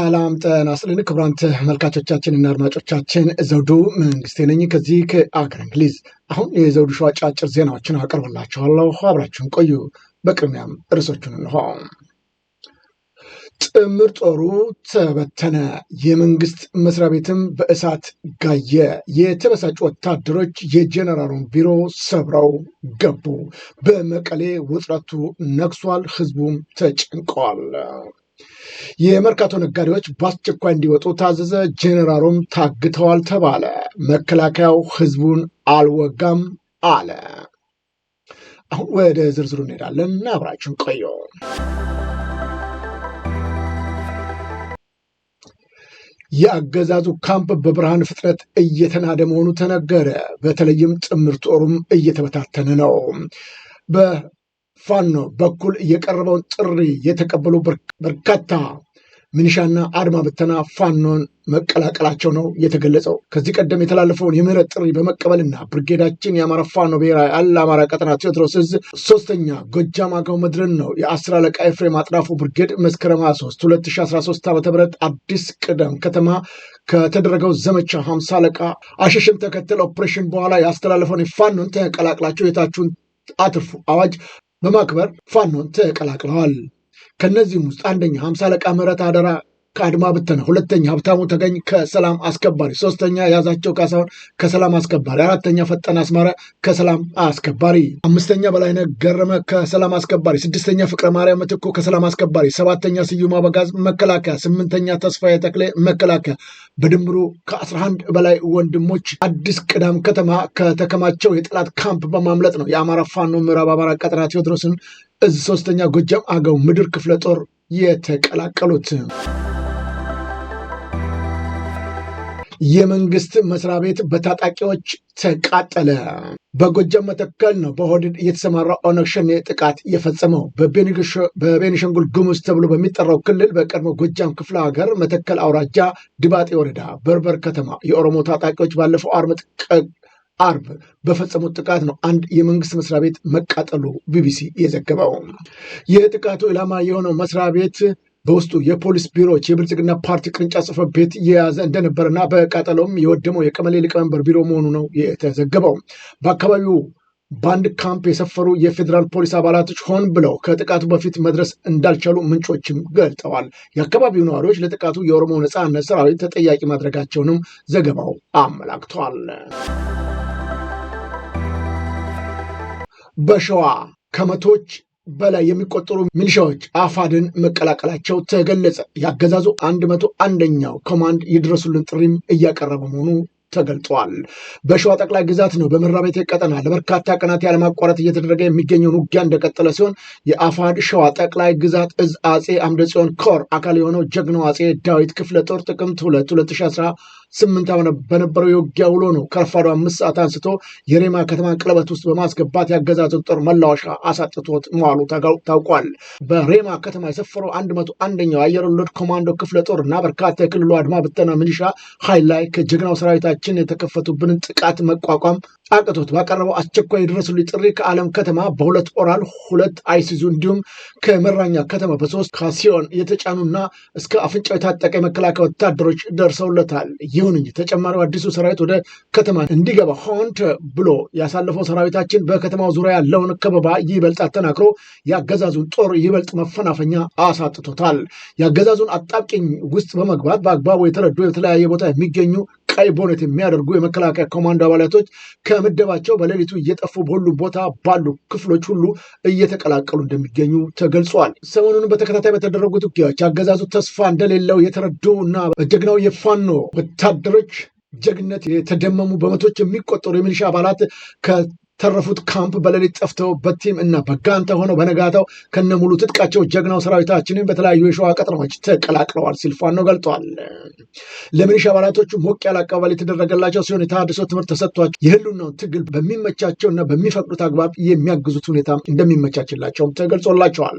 ሰላም ጤና ይስጥልን ክቡራን ተመልካቾቻችንና አድማጮቻችን ዘውዱ መንግስቴ ነኝ ከዚህ ከአገር እንግሊዝ። አሁን የዘውዱ ሾው አጫጭር ዜናዎችን አቀርብላችኋለሁ፣ አብራችሁን ቆዩ። በቅድሚያም ርዕሶቹን እንሆ። ጥምር ጦሩ ተበተነ፣ የመንግስት መስሪያ ቤትም በእሳት ጋየ። የተበሳጩ ወታደሮች የጀነራሉን ቢሮ ሰብረው ገቡ። በመቀሌ ውጥረቱ ነግሷል፣ ህዝቡም ተጨንቀዋል። የመርካቶ ነጋዴዎች በአስቸኳይ እንዲወጡ ታዘዘ። ጄኔራሉም ታግተዋል ተባለ። መከላከያው ህዝቡን አልወጋም አለ። አሁን ወደ ዝርዝሩ እንሄዳለን። አብራችሁን ቆዩ። የአገዛዙ ካምፕ በብርሃን ፍጥነት እየተናደ መሆኑ ተነገረ። በተለይም ጥምር ጦሩም እየተበታተነ ነው። ፋኖ በኩል የቀረበውን ጥሪ የተቀበሉ በርካታ ሚኒሻና አድማ ብተና ፋኖን መቀላቀላቸው ነው የተገለጸው። ከዚህ ቀደም የተላለፈውን የምህረት ጥሪ በመቀበልና ብርጌዳችን የአማራ ፋኖ ብሔራዊ አለ አማራ ቀጠና ቴዎድሮስ እዝ ሶስተኛ ጎጃም አገው ምድርን ነው የአስር አለቃ ኤፍሬም አጥናፉ ብርጌድ መስከረም 3 2013 ዓ ም አዲስ ቅደም ከተማ ከተደረገው ዘመቻ ሀምሳ አለቃ አሸሽን ተከተል ኦፕሬሽን በኋላ ያስተላለፈውን የፋኖን ተቀላቅላቸው የታችሁን አትርፉ አዋጅ በማክበር ፋኖን ተቀላቅለዋል። ከእነዚህም ውስጥ አንደኛ ሀምሳ አለቃ ምህረት አደራ ከአድማ ብተና፣ ሁለተኛ ሀብታሙ ተገኝ ከሰላም አስከባሪ፣ ሶስተኛ የያዛቸው ካሳሁን ከሰላም አስከባሪ፣ አራተኛ ፈጠነ አስማረ ከሰላም አስከባሪ፣ አምስተኛ በላይነ ገረመ ከሰላም አስከባሪ፣ ስድስተኛ ፍቅረ ማርያም ምትኩ ከሰላም አስከባሪ፣ ሰባተኛ ስዩም አበጋዝ መከላከያ፣ ስምንተኛ ተስፋ የተክለ መከላከያ። በድምሩ ከ11 በላይ ወንድሞች አዲስ ቅዳም ከተማ ከተከማቸው የጠላት ካምፕ በማምለጥ ነው የአማራ ፋኖ ምዕራብ አማራ ቀጠና ቴዎድሮስን እዝ ሶስተኛ ጎጃም አገው ምድር ክፍለ ጦር የተቀላቀሉት የመንግስት መስሪያ ቤት በታጣቂዎች ተቃጠለ። በጎጃም መተከል ነው በሆድድ የተሰማራ ኦነግ ሸኔ ጥቃት የፈጸመው። በቤኒሻንጉል ጉሙዝ ተብሎ በሚጠራው ክልል በቀድሞ ጎጃም ክፍለ ሀገር መተከል አውራጃ ድባጤ ወረዳ በርበር ከተማ የኦሮሞ ታጣቂዎች ባለፈው አርብ አርብ በፈጸሙት ጥቃት ነው አንድ የመንግስት መስሪያ ቤት መቃጠሉ ቢቢሲ የዘገበው። የጥቃቱ ኢላማ የሆነው መስሪያ ቤት በውስጡ የፖሊስ ቢሮዎች የብልጽግና ፓርቲ ቅርንጫፍ ጽሕፈት ቤት የያዘ እንደነበረና በቃጠሎም የወደመው የቀበሌ ሊቀመንበር ቢሮ መሆኑ ነው የተዘገበው። በአካባቢው በአንድ ካምፕ የሰፈሩ የፌዴራል ፖሊስ አባላቶች ሆን ብለው ከጥቃቱ በፊት መድረስ እንዳልቻሉ ምንጮችም ገልጠዋል። የአካባቢው ነዋሪዎች ለጥቃቱ የኦሮሞ ነፃነት ሰራዊት ተጠያቂ ማድረጋቸውንም ዘገባው አመላክቷል። በሸዋ ከመቶች በላይ የሚቆጠሩ ሚሊሻዎች አፋድን መቀላቀላቸው ተገለጸ። ያገዛዙ አንድ መቶ አንደኛው ኮማንድ የድረሱልን ጥሪም እያቀረበ መሆኑ ተገልጧል። በሸዋ ጠቅላይ ግዛት ነው በምራ ቤቴ ቀጠና ለበርካታ ቀናት ያለማቋረጥ እየተደረገ የሚገኘውን ውጊያ እንደቀጠለ ሲሆን የአፋድ ሸዋ ጠቅላይ ግዛት እዝ አጼ አምደ ጽዮን ኮር አካል የሆነው ጀግናው አጼ ዳዊት ክፍለ ጦር ጥቅምት 2 2017 ስምንት በነበረው የውጊያ ውሎ ነው ከረፋዶ አምስት ሰዓት አንስቶ የሬማ ከተማ ቀለበት ውስጥ በማስገባት ያገዛዙን ጦር መላወሻ አሳጥቶት መዋሉ ታውቋል። በሬማ ከተማ የሰፈረው አንድ መቶ አንደኛው አየር ወለድ ኮማንዶ ክፍለ ጦር እና በርካታ የክልሉ አድማ ብተና ሚሊሻ ኃይል ላይ ከጀግናው ሰራዊታችን የተከፈቱብንን ጥቃት መቋቋም አቅቶት ባቀረበው አስቸኳይ የደረሱልኝ ጥሪ ከዓለም ከተማ በሁለት ኦራል ሁለት አይሲዙ እንዲሁም ከመራኛ ከተማ በሶስት ካሲዮን የተጫኑና እስከ አፍንጫው የታጠቀ የመከላከያ ወታደሮች ደርሰውለታል። ይሁን እንጂ ተጨማሪው አዲሱ ሰራዊት ወደ ከተማ እንዲገባ ሆን ብሎ ያሳለፈው ሰራዊታችን በከተማው ዙሪያ ያለውን ከበባ ይበልጥ አጠናክሮ የአገዛዙን ጦር ይበልጥ መፈናፈኛ አሳጥቶታል። የአገዛዙን አጣብቂኝ ውስጥ በመግባት በአግባቡ የተረዱ የተለያየ ቦታ የሚገኙ ቀይ ቦኔት የሚያደርጉ የመከላከያ ኮማንዶ አባላቶች ከምደባቸው በሌሊቱ እየጠፉ በሁሉም ቦታ ባሉ ክፍሎች ሁሉ እየተቀላቀሉ እንደሚገኙ ተገልጿል። ሰሞኑን በተከታታይ በተደረጉት ውጊያዎች አገዛዙ ተስፋ እንደሌለው የተረዱ እና ጀግናው የፋኖ ወታደሮች ጀግነት የተደመሙ በመቶች የሚቆጠሩ የሚሊሻ አባላት ተረፉት ካምፕ በሌሊት ጠፍተው በቲም እና በጋንታ ሆነው በነጋታው ከነሙሉ ትጥቃቸው ጀግናው ሰራዊታችንን በተለያዩ የሸዋ ቀጠናዎች ተቀላቅለዋል ሲል ፋኖ ገልጧል። ለሚሊሻ አባላቶቹ ሞቅ ያለ አቀባበል የተደረገላቸው ሲሆን የተሃድሶ ትምህርት ተሰጥቷቸው የህልውናውን ትግል በሚመቻቸው እና በሚፈቅዱት አግባብ የሚያግዙት ሁኔታ እንደሚመቻችላቸውም ተገልጾላቸዋል።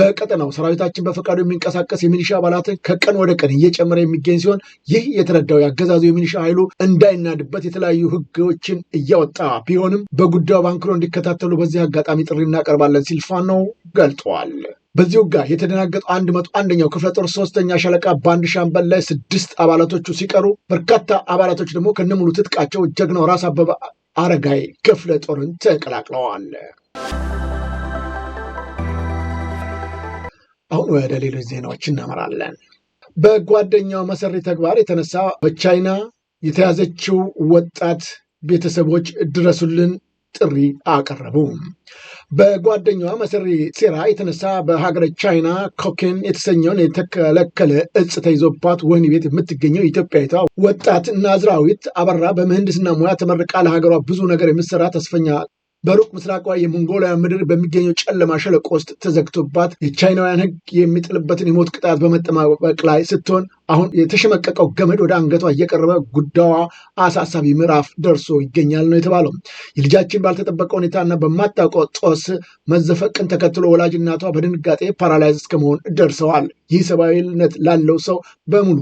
በቀጠናው ሰራዊታችን በፈቃዱ የሚንቀሳቀስ የሚሊሻ አባላትን ከቀን ወደ ቀን እየጨመረ የሚገኝ ሲሆን ይህ የተረዳው ያገዛዙ የሚሊሻ ኃይሉ እንዳይናድበት የተለያዩ ህጎችን እያወጣ ቢሆንም በጉ ጉዳዩ በአንክሮ እንዲከታተሉ በዚህ አጋጣሚ ጥሪ እናቀርባለን ሲል ፋኖ ገልጠዋል። በዚሁ ጋር የተደናገጠው አንድ መቶ አንደኛው ክፍለ ጦር ሶስተኛ ሻለቃ በአንድ ሻምበል ላይ ስድስት አባላቶቹ ሲቀሩ በርካታ አባላቶች ደግሞ ከነሙሉ ትጥቃቸው ጀግናው ራስ አበበ አረጋይ ክፍለ ጦርን ተቀላቅለዋል። አሁን ወደ ሌሎች ዜናዎች እናመራለን። በጓደኛው መሰሪ ተግባር የተነሳ በቻይና የተያዘችው ወጣት ቤተሰቦች ድረሱልን ጥሪ አቀረቡ። በጓደኛዋ መሰሪ ሴራ የተነሳ በሀገረ ቻይና ኮኬን የተሰኘውን የተከለከለ እጽ ተይዞባት ወህኒ ቤት የምትገኘው ኢትዮጵያዊቷ ወጣት ናዝራዊት አበራ በምህንድስና ሙያ ተመርቃ ለሀገሯ ብዙ ነገር የምትሰራ ተስፈኛ በሩቅ ምስራቋ የሞንጎሊያ ምድር በሚገኘው ጨለማ ሸለቆ ውስጥ ተዘግቶባት የቻይናውያን ሕግ የሚጥልበትን የሞት ቅጣት በመጠባበቅ ላይ ስትሆን አሁን የተሸመቀቀው ገመድ ወደ አንገቷ እየቀረበ ጉዳዋ አሳሳቢ ምዕራፍ ደርሶ ይገኛል ነው የተባለው። የልጃችን ባልተጠበቀ ሁኔታና በማታውቀው ጦስ መዘፈቅን ተከትሎ ወላጅ እናቷ በድንጋጤ ፓራላይዝ እስከመሆን ደርሰዋል። ይህ ሰብአዊነት ላለው ሰው በሙሉ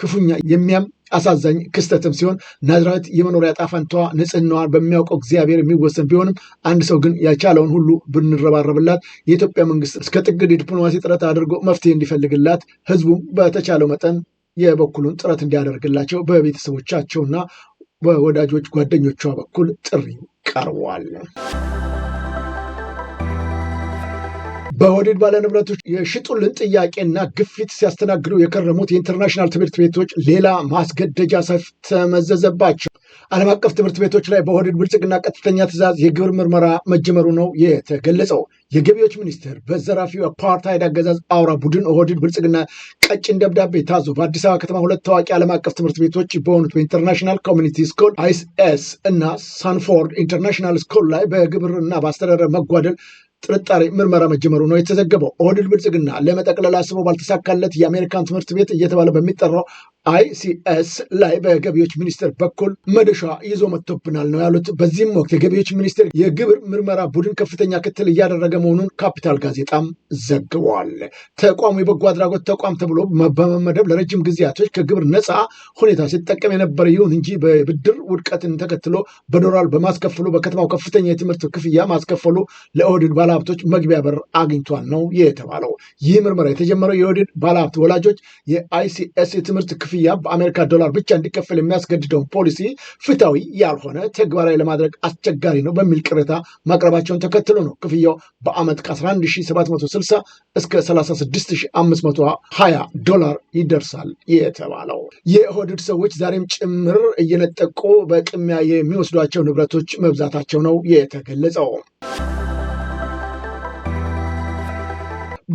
ክፉኛ የሚያም አሳዛኝ ክስተትም ሲሆን ናዝራዊት የመኖሪያ ጣፋንታዋ ንጽህናዋን በሚያውቀው እግዚአብሔር የሚወሰን ቢሆንም አንድ ሰው ግን ያቻለውን ሁሉ ብንረባረብላት የኢትዮጵያ መንግስት እስከ ዲፕሎማሲ ጥረት አድርጎ መፍትሄ እንዲፈልግላት ህዝቡም በተቻለው መጠን የበኩሉን ጥረት እንዲያደርግላቸው በቤተሰቦቻቸውና በወዳጆች ጓደኞቿ በኩል ጥሪ ቀርቧል። በወደድ ባለንብረቶች የሽጡልን ጥያቄና ግፊት ሲያስተናግዱ የከረሙት የኢንተርናሽናል ትምህርት ቤቶች ሌላ ማስገደጃ ተመዘዘባቸው። ዓለም አቀፍ ትምህርት ቤቶች ላይ በወደድ ብልጽግና ቀጥተኛ ትዕዛዝ የግብር ምርመራ መጀመሩ ነው የተገለጸው። የገቢዎች ሚኒስቴር በዘራፊው አፓርታይድ አገዛዝ አውራ ቡድን ኦህዴድ ብልጽግና ቀጭን ደብዳቤ ታዞ በአዲስ አበባ ከተማ ሁለት ታዋቂ ዓለም አቀፍ ትምህርት ቤቶች በሆኑት በኢንተርናሽናል ኮሚኒቲ ስኩል አይስ እና ሳንፎርድ ኢንተርናሽናል ስኩል ላይ በግብርና በአስተዳደር መጓደል ጥርጣሬ ምርመራ መጀመሩ ነው የተዘገበው። ኦህዴድ ብልጽግና ለመጠቅለል አስቦ ባልተሳካለት የአሜሪካን ትምህርት ቤት እየተባለ በሚጠራው አይሲኤስ ላይ በገቢዎች ሚኒስቴር በኩል መደሻ ይዞ መጥቶብናል ነው ያሉት። በዚህም ወቅት የገቢዎች ሚኒስቴር የግብር ምርመራ ቡድን ከፍተኛ ክትል እያደረገ መሆኑን ካፒታል ጋዜጣም ዘግቧል። ተቋሙ የበጎ አድራጎት ተቋም ተብሎ በመመደብ ለረጅም ጊዜያቶች ከግብር ነፃ ሁኔታ ሲጠቀም የነበረ ይሁን እንጂ በብድር ውድቀትን ተከትሎ በዶላር በማስከፈሉ በከተማው ከፍተኛ የትምህርት ክፍያ ማስከፈሉ ለኦህዴድ ባለሀብቶች መግቢያ በር አግኝቷል ነው የተባለው። ይህ ምርመራ የተጀመረው የኦህዴድ ባለሀብት ወላጆች የአይሲኤስ የትምህርት ክፍያ ክፍያ በአሜሪካ ዶላር ብቻ እንዲከፈል የሚያስገድደው ፖሊሲ ፍትሐዊ ያልሆነ ተግባራዊ ለማድረግ አስቸጋሪ ነው በሚል ቅሬታ ማቅረባቸውን ተከትሎ ነው ክፍያው በአመት ከ11760 እስከ 36520 ዶላር ይደርሳል የተባለው። የኦህዴድ ሰዎች ዛሬም ጭምር እየነጠቁ በቅሚያ የሚወስዷቸው ንብረቶች መብዛታቸው ነው የተገለጸው።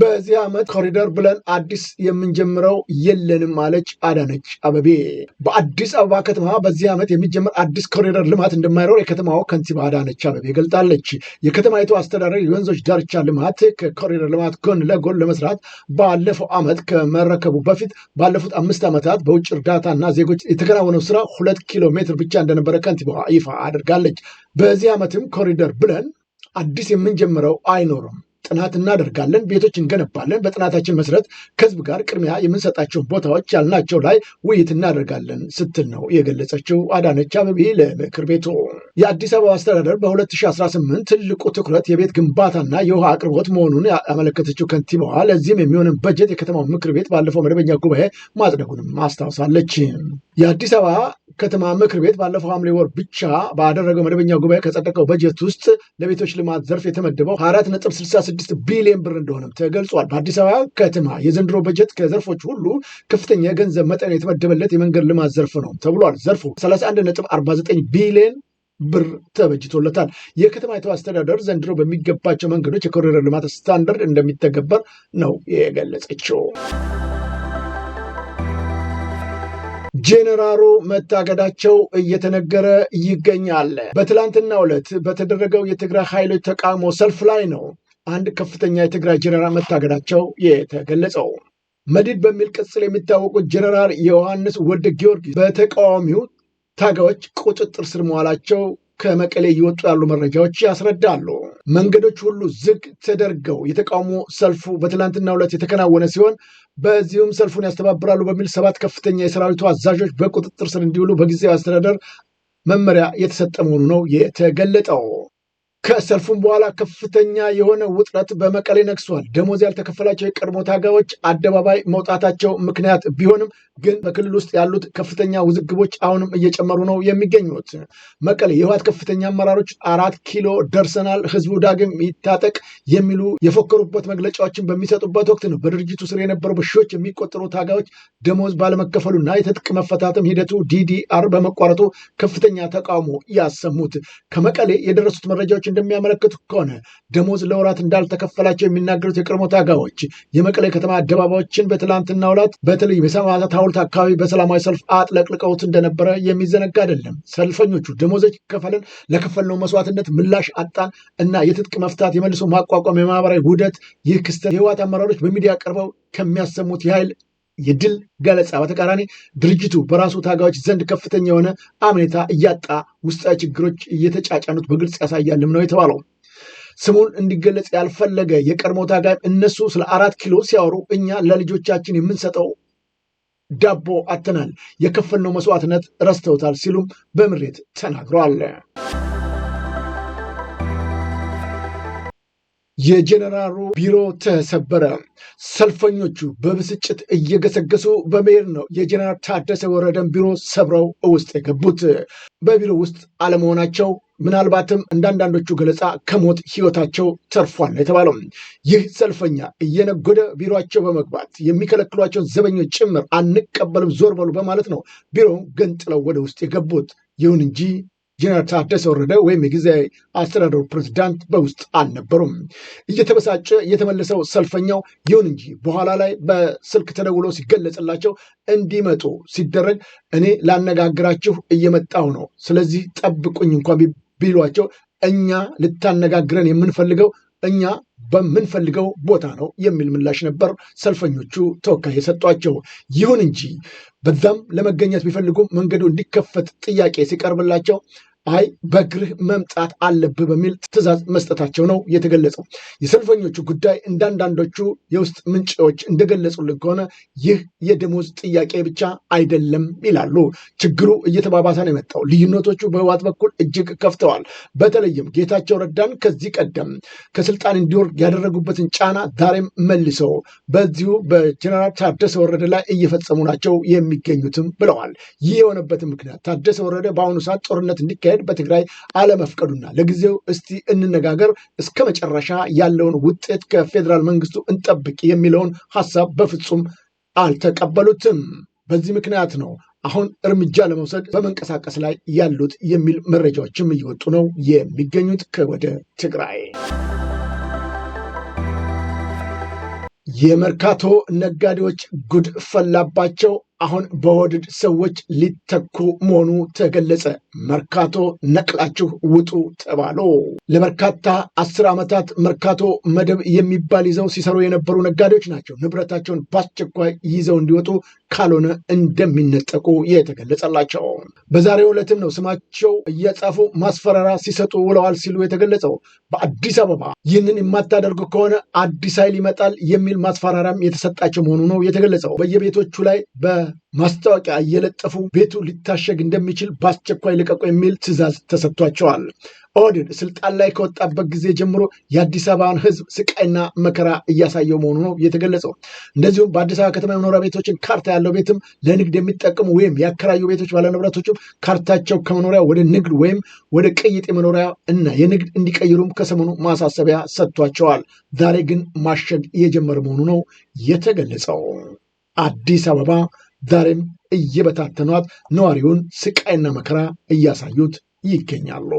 በዚህ ዓመት ኮሪደር ብለን አዲስ የምንጀምረው የለንም አለች አዳነች አበቤ። በአዲስ አበባ ከተማ በዚህ ዓመት የሚጀምር አዲስ ኮሪደር ልማት እንደማይኖር የከተማው ከንቲባ አዳነች አበቤ ገልጣለች። የከተማይቱ አስተዳደር የወንዞች ዳርቻ ልማት ከኮሪደር ልማት ጎን ለጎን ለመስራት ባለፈው ዓመት ከመረከቡ በፊት ባለፉት አምስት ዓመታት በውጭ እርዳታና ዜጎች የተከናወነው ስራ ሁለት ኪሎ ሜትር ብቻ እንደነበረ ከንቲባ ይፋ አድርጋለች። በዚህ ዓመትም ኮሪደር ብለን አዲስ የምንጀምረው አይኖርም ጥናት እናደርጋለን፣ ቤቶች እንገነባለን። በጥናታችን መሰረት ከህዝብ ጋር ቅድሚያ የምንሰጣቸውን ቦታዎች ያልናቸው ላይ ውይይት እናደርጋለን ስትል ነው የገለጸችው አዳነች አበቢ ለምክር ቤቱ። የአዲስ አበባ አስተዳደር በ2018 ትልቁ ትኩረት የቤት ግንባታና የውሃ አቅርቦት መሆኑን ያመለከተችው ከንቲባዋ ለዚህም የሚሆንን በጀት የከተማው ምክር ቤት ባለፈው መደበኛ ጉባኤ ማጽደቁንም አስታውሳለች። የአዲስ አበባ ከተማ ምክር ቤት ባለፈው ሐምሌ ወር ብቻ ባደረገው መደበኛ ጉባኤ ከጸደቀው በጀት ውስጥ ለቤቶች ልማት ዘርፍ የተመደበው 4.66 ቢሊዮን ብር እንደሆነም ተገልጿል። በአዲስ አበባ ከተማ የዘንድሮ በጀት ከዘርፎች ሁሉ ከፍተኛ የገንዘብ መጠን የተመደበለት የመንገድ ልማት ዘርፍ ነው ተብሏል። ዘርፉ 31.49 ቢሊዮን ብር ተበጅቶለታል። የከተማይቱ አስተዳደር ዘንድሮ በሚገባቸው መንገዶች የኮሪደር ልማት ስታንዳርድ እንደሚተገበር ነው የገለጸችው። ጄኔራሉ መታገዳቸው እየተነገረ ይገኛል። በትላንትናው ዕለት በተደረገው የትግራይ ኃይሎች ተቃውሞ ሰልፍ ላይ ነው አንድ ከፍተኛ የትግራይ ጄኔራል መታገዳቸው የተገለጸው። መዲድ በሚል ቅጽል የሚታወቁት ጄኔራል ዮሐንስ ወልደ ጊዮርጊስ በተቃዋሚው ታጋዮች ቁጥጥር ስር መዋላቸው ከመቀሌ እየወጡ ያሉ መረጃዎች ያስረዳሉ። መንገዶች ሁሉ ዝግ ተደርገው የተቃውሞ ሰልፉ በትላንትና ዕለት የተከናወነ ሲሆን በዚሁም ሰልፉን ያስተባብራሉ በሚል ሰባት ከፍተኛ የሰራዊቱ አዛዦች በቁጥጥር ስር እንዲውሉ በጊዜያዊ አስተዳደር መመሪያ የተሰጠ መሆኑ ነው የተገለጠው። ከሰልፉም በኋላ ከፍተኛ የሆነ ውጥረት በመቀሌ ነግሷል። ደሞዝ ያልተከፈላቸው የቀድሞ ታጋዮች አደባባይ መውጣታቸው ምክንያት ቢሆንም ግን በክልል ውስጥ ያሉት ከፍተኛ ውዝግቦች አሁንም እየጨመሩ ነው የሚገኙት። መቀሌ የህወሓት ከፍተኛ አመራሮች አራት ኪሎ ደርሰናል፣ ህዝቡ ዳግም ይታጠቅ የሚሉ የፎከሩበት መግለጫዎችን በሚሰጡበት ወቅት ነው። በድርጅቱ ስር የነበሩ በሺዎች የሚቆጠሩ ታጋዮች ደሞዝ ባለመከፈሉና የትጥቅ መፈታትም ሂደቱ ዲዲአር በመቋረጡ ከፍተኛ ተቃውሞ ያሰሙት ከመቀሌ የደረሱት መረጃዎች እንደሚያመለክቱ ከሆነ ደሞዝ ለወራት እንዳልተከፈላቸው የሚናገሩት የቀድሞ ታጋዮች የመቀሌ ከተማ አደባባዮችን በትላንትና ውላት በተለይ በሰማዕታት ሐውልት አካባቢ በሰላማዊ ሰልፍ አጥለቅልቀውት እንደነበረ የሚዘነጋ አይደለም። ሰልፈኞቹ ደሞዞች ከፈልን፣ ለከፈልነው መስዋዕትነት ምላሽ አጣን እና የትጥቅ መፍታት የመልሶ ማቋቋም የማህበራዊ ውህደት ይህ ክስተት የህወሓት አመራሮች በሚዲያ ቀርበው ከሚያሰሙት የኃይል የድል ገለጻ በተቃራኒ ድርጅቱ በራሱ ታጋዮች ዘንድ ከፍተኛ የሆነ አምኔታ እያጣ ውስጣዊ ችግሮች እየተጫጫኑት በግልጽ ያሳያልም ነው የተባለው። ስሙን እንዲገለጽ ያልፈለገ የቀድሞ ታጋይ እነሱ ስለ አራት ኪሎ ሲያወሩ እኛ ለልጆቻችን የምንሰጠው ዳቦ አተናል፣ የከፈልነው መስዋዕትነት ረስተውታል ሲሉም በምሬት ተናግረዋል። የጀነራሉ ቢሮ ተሰበረ። ሰልፈኞቹ በብስጭት እየገሰገሱ በመሄድ ነው የጀነራል ታደሰ ወረደን ቢሮ ሰብረው ውስጥ የገቡት። በቢሮ ውስጥ አለመሆናቸው ምናልባትም እንዳንዳንዶቹ ገለጻ ከሞት ህይወታቸው ተርፏል የተባለው ይህ ሰልፈኛ እየነጎደ ቢሮቸው በመግባት የሚከለክሏቸውን ዘበኞች ጭምር አንቀበልም ዞር በሉ በማለት ነው ቢሮውን ገንጥለው ወደ ውስጥ የገቡት። ይሁን እንጂ ጀነራል ታደሰ ወረደ ወይም የጊዜያዊ አስተዳደሩ ፕሬዚዳንት በውስጥ አልነበሩም። እየተበሳጨ የተመለሰው ሰልፈኛው ይሁን እንጂ በኋላ ላይ በስልክ ተደውሎ ሲገለጽላቸው እንዲመጡ ሲደረግ እኔ ላነጋግራችሁ እየመጣሁ ነው፣ ስለዚህ ጠብቁኝ እንኳን ቢሏቸው እኛ ልታነጋግረን የምንፈልገው እኛ በምንፈልገው ቦታ ነው የሚል ምላሽ ነበር ሰልፈኞቹ ተወካይ የሰጧቸው። ይሁን እንጂ በዛም ለመገኘት ቢፈልጉም መንገዱ እንዲከፈት ጥያቄ ሲቀርብላቸው አይ በእግርህ መምጣት አለብህ በሚል ትዕዛዝ መስጠታቸው ነው የተገለጸው። የሰልፈኞቹ ጉዳይ እንዳንዳንዶቹ የውስጥ ምንጮች እንደገለጹልን ከሆነ ይህ የደሞዝ ጥያቄ ብቻ አይደለም ይላሉ። ችግሩ እየተባባሰ ነው የመጣው። ልዩነቶቹ በህወሓት በኩል እጅግ ከፍተዋል። በተለይም ጌታቸው ረዳን ከዚህ ቀደም ከስልጣን እንዲወርድ ያደረጉበትን ጫና ዛሬም መልሰው በዚሁ በጀነራል ታደሰ ወረደ ላይ እየፈጸሙ ናቸው የሚገኙትም ብለዋል። ይህ የሆነበትን ምክንያት ታደሰ ወረደ በአሁኑ ሰዓት ጦርነት እንዲካ እንዲካሄድ በትግራይ አለመፍቀዱና ለጊዜው እስቲ እንነጋገር እስከ መጨረሻ ያለውን ውጤት ከፌዴራል መንግስቱ እንጠብቅ የሚለውን ሀሳብ በፍጹም አልተቀበሉትም። በዚህ ምክንያት ነው አሁን እርምጃ ለመውሰድ በመንቀሳቀስ ላይ ያሉት የሚል መረጃዎችም እየወጡ ነው የሚገኙት ከወደ ትግራይ። የመርካቶ ነጋዴዎች ጉድ ፈላባቸው። አሁን በወድድ ሰዎች ሊተኩ መሆኑ ተገለጸ። መርካቶ ነቅላችሁ ውጡ ተባሎ ለበርካታ አስር ዓመታት መርካቶ መደብ የሚባል ይዘው ሲሰሩ የነበሩ ነጋዴዎች ናቸው። ንብረታቸውን በአስቸኳይ ይዘው እንዲወጡ ካልሆነ እንደሚነጠቁ የተገለጸላቸው በዛሬ ዕለትም ነው ስማቸው እየጻፉ ማስፈራራ ሲሰጡ ውለዋል ሲሉ የተገለጸው በአዲስ አበባ ይህንን የማታደርጉ ከሆነ አዲስ ኃይል ይመጣል የሚል ማስፈራራም የተሰጣቸው መሆኑ ነው የተገለጸው። በየቤቶቹ ላይ በማስታወቂያ እየለጠፉ ቤቱ ሊታሸግ እንደሚችል በአስቸኳይ ልቀቁ የሚል ትዕዛዝ ተሰጥቷቸዋል። ኦድን ስልጣን ላይ ከወጣበት ጊዜ ጀምሮ የአዲስ አበባን ህዝብ ስቃይና መከራ እያሳየው መሆኑ ነው የተገለጸው። እንደዚሁም በአዲስ አበባ ከተማ የመኖሪያ ቤቶችን ካርታ ያለው ቤትም ለንግድ የሚጠቅሙ ወይም ያከራዩ ቤቶች ባለንብረቶችም ካርታቸው ከመኖሪያ ወደ ንግድ ወይም ወደ ቅይጥ የመኖሪያ እና የንግድ እንዲቀይሩም ከሰሞኑ ማሳሰቢያ ሰጥቷቸዋል። ዛሬ ግን ማሸግ እየጀመረ መሆኑ ነው የተገለጸው። አዲስ አበባ ዛሬም እየበታተኗት ነዋሪውን ስቃይና መከራ እያሳዩት ይገኛሉ።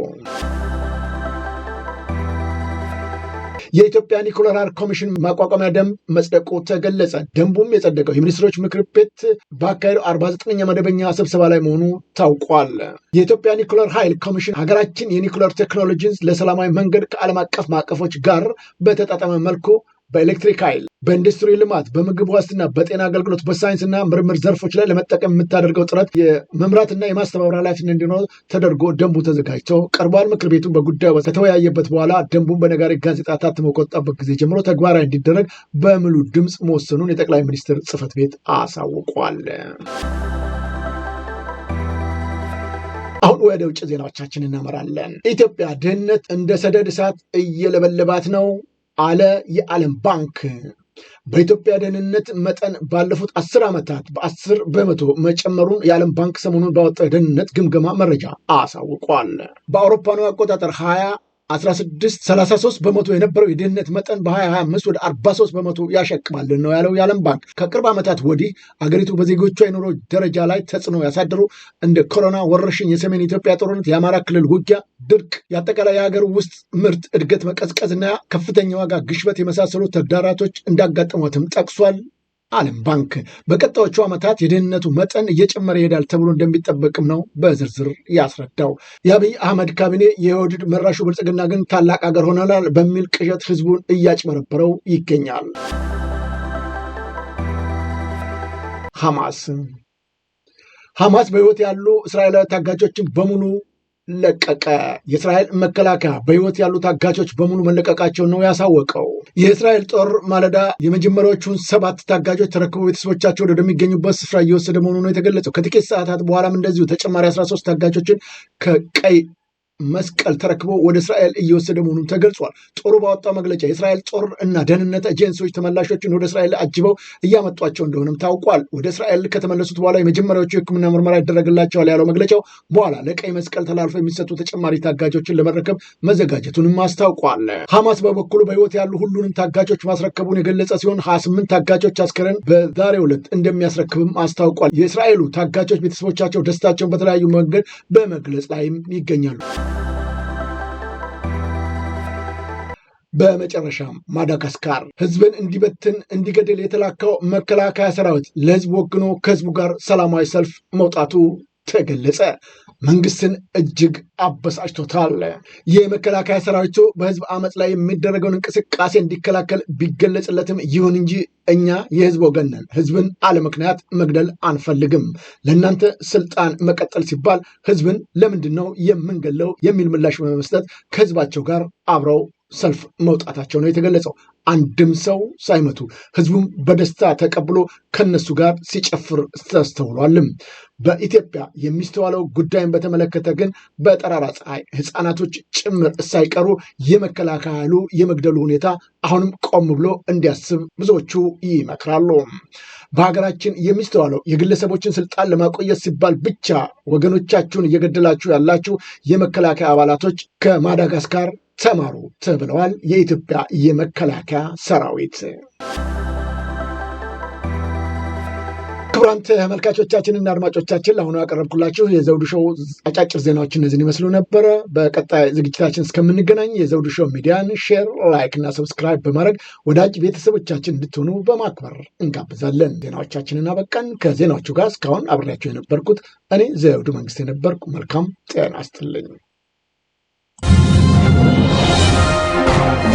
የኢትዮጵያ ኒኩለራር ኃይል ኮሚሽን ማቋቋሚያ ደንብ መጽደቁ ተገለጸ። ደንቡም የጸደቀው የሚኒስትሮች ምክር ቤት በአካሄደው 49 ዘጠነኛ መደበኛ ስብሰባ ላይ መሆኑ ታውቋል። የኢትዮጵያ ኒኩለር ኃይል ኮሚሽን ሀገራችን የኒኩለር ቴክኖሎጂን ለሰላማዊ መንገድ ከዓለም አቀፍ ማዕቀፎች ጋር በተጣጠመ መልኩ በኤሌክትሪክ ኃይል በኢንዱስትሪ ልማት፣ በምግብ ዋስትና፣ በጤና አገልግሎት፣ በሳይንስና ምርምር ዘርፎች ላይ ለመጠቀም የምታደርገው ጥረት የመምራትና የማስተባበር ኃላፊነት እንዲኖር ተደርጎ ደንቡ ተዘጋጅቶ ቀርቧል። ምክር ቤቱ በጉዳዩ ከተወያየበት በኋላ ደንቡን በነጋሪት ጋዜጣ ታትሞ ከወጣበት ጊዜ ጀምሮ ተግባራዊ እንዲደረግ በሙሉ ድምፅ መወሰኑን የጠቅላይ ሚኒስትር ጽህፈት ቤት አሳውቋል። አሁን ወደ ውጭ ዜናዎቻችን እናመራለን። ኢትዮጵያ ድህነት እንደ ሰደድ እሳት እየለበለባት ነው አለ የዓለም ባንክ። በኢትዮጵያ ደህንነት መጠን ባለፉት አስር ዓመታት በአስር በመቶ መጨመሩን የዓለም ባንክ ሰሞኑን ባወጣው የደህንነት ግምገማ መረጃ አሳውቋል። በአውሮፓኑ አቆጣጠር ሀያ 1633 በመቶ የነበረው የድህነት መጠን በ2025 ወደ 43 በመቶ ያሸቅባልን ነው ያለው የዓለም ባንክ። ከቅርብ ዓመታት ወዲህ አገሪቱ በዜጎቿ የኑሮ ደረጃ ላይ ተጽዕኖ ያሳደሩ እንደ ኮሮና ወረርሽኝ፣ የሰሜን ኢትዮጵያ ጦርነት፣ የአማራ ክልል ውጊያ፣ ድርቅ፣ የአጠቃላይ የሀገር ውስጥ ምርት እድገት መቀዝቀዝና ከፍተኛ ዋጋ ግሽበት የመሳሰሉ ተግዳራቶች እንዳጋጠሟትም ጠቅሷል። ዓለም ባንክ በቀጣዮቹ ዓመታት የድህነቱ መጠን እየጨመረ ይሄዳል ተብሎ እንደሚጠበቅም ነው በዝርዝር ያስረዳው። የአብይ አህመድ ካቢኔ የወድድ መራሹ ብልጽግና ግን ታላቅ ሀገር ሆነናል በሚል ቅዠት ህዝቡን እያጭበረበረው ይገኛል። ሐማስ ሐማስ በህይወት ያሉ እስራኤላዊ ታጋቾችን በሙሉ ለቀቀ። የእስራኤል መከላከያ በህይወት ያሉ ታጋቾች በሙሉ መለቀቃቸውን ነው ያሳወቀው። የእስራኤል ጦር ማለዳ የመጀመሪያዎቹን ሰባት ታጋቾች ተረክቦ ቤተሰቦቻቸው ወደሚገኙበት ስፍራ እየወሰደ መሆኑ ነው የተገለጸው። ከጥቂት ሰዓታት በኋላም እንደዚሁ ተጨማሪ 13 ታጋቾችን ከቀይ መስቀል ተረክቦ ወደ እስራኤል እየወሰደ መሆኑን ተገልጿል። ጦሩ ባወጣው መግለጫ የእስራኤል ጦር እና ደህንነት ኤጀንሲዎች ተመላሾችን ወደ እስራኤል አጅበው እያመጧቸው እንደሆነም ታውቋል። ወደ እስራኤል ከተመለሱት በኋላ የመጀመሪያዎቹ የሕክምና ምርመራ ይደረግላቸዋል ያለው መግለጫው በኋላ ለቀይ መስቀል ተላልፎ የሚሰጡ ተጨማሪ ታጋጆችን ለመረከብ መዘጋጀቱንም አስታውቋል። ሐማስ በበኩሉ በህይወት ያሉ ሁሉንም ታጋጆች ማስረከቡን የገለጸ ሲሆን ሀያ ስምንት ታጋጆች አስከረን በዛሬው ዕለት እንደሚያስረክብም አስታውቋል። የእስራኤሉ ታጋጆች ቤተሰቦቻቸው ደስታቸውን በተለያዩ መንገድ በመግለጽ ላይም ይገኛሉ። በመጨረሻም ማዳጋስካር ህዝብን እንዲበትን እንዲገድል የተላካው መከላከያ ሰራዊት ለህዝብ ወግኖ ከህዝቡ ጋር ሰላማዊ ሰልፍ መውጣቱ ተገለጸ። መንግስትን እጅግ አበሳጭቶታል። የመከላከያ ሰራዊቱ በህዝብ አመፅ ላይ የሚደረገውን እንቅስቃሴ እንዲከላከል ቢገለጽለትም ይሁን እንጂ እኛ የህዝብ ወገን ነን፣ ህዝብን አለምክንያት መግደል አንፈልግም፣ ለእናንተ ስልጣን መቀጠል ሲባል ህዝብን ለምንድን ነው የምንገለው? የሚል ምላሽ በመስጠት ከህዝባቸው ጋር አብረው ሰልፍ መውጣታቸው ነው የተገለጸው። አንድም ሰው ሳይመቱ ህዝቡም በደስታ ተቀብሎ ከነሱ ጋር ሲጨፍር ተስተውሏልም። በኢትዮጵያ የሚስተዋለው ጉዳይን በተመለከተ ግን በጠራራ ፀሐይ ህፃናቶች ጭምር ሳይቀሩ የመከላከያ ኃይሉ የመግደሉ ሁኔታ አሁንም ቆም ብሎ እንዲያስብ ብዙዎቹ ይመክራሉ። በሀገራችን የሚስተዋለው የግለሰቦችን ስልጣን ለማቆየት ሲባል ብቻ ወገኖቻችሁን እየገደላችሁ ያላችሁ የመከላከያ አባላቶች ከማዳጋስካር ተማሩ ተብለዋል የኢትዮጵያ የመከላከያ ሰራዊት። ክቡራን ተመልካቾቻችንና አድማጮቻችን ለአሁኑ ያቀረብኩላችሁ የዘውዱ ሾው አጫጭር ዜናዎች እነዚህን ይመስሉ ነበረ። በቀጣይ ዝግጅታችን እስከምንገናኝ የዘውዱ ሾው ሚዲያን ሼር፣ ላይክ እና ሰብስክራይብ በማድረግ ወዳጅ ቤተሰቦቻችን እንድትሆኑ በማክበር እንጋብዛለን። ዜናዎቻችንን አበቃን። ከዜናዎቹ ጋር እስካሁን አብሬያቸው የነበርኩት እኔ ዘውዱ መንግስት የነበርኩ። መልካም ጤና ይስጥልኝ። Thank you.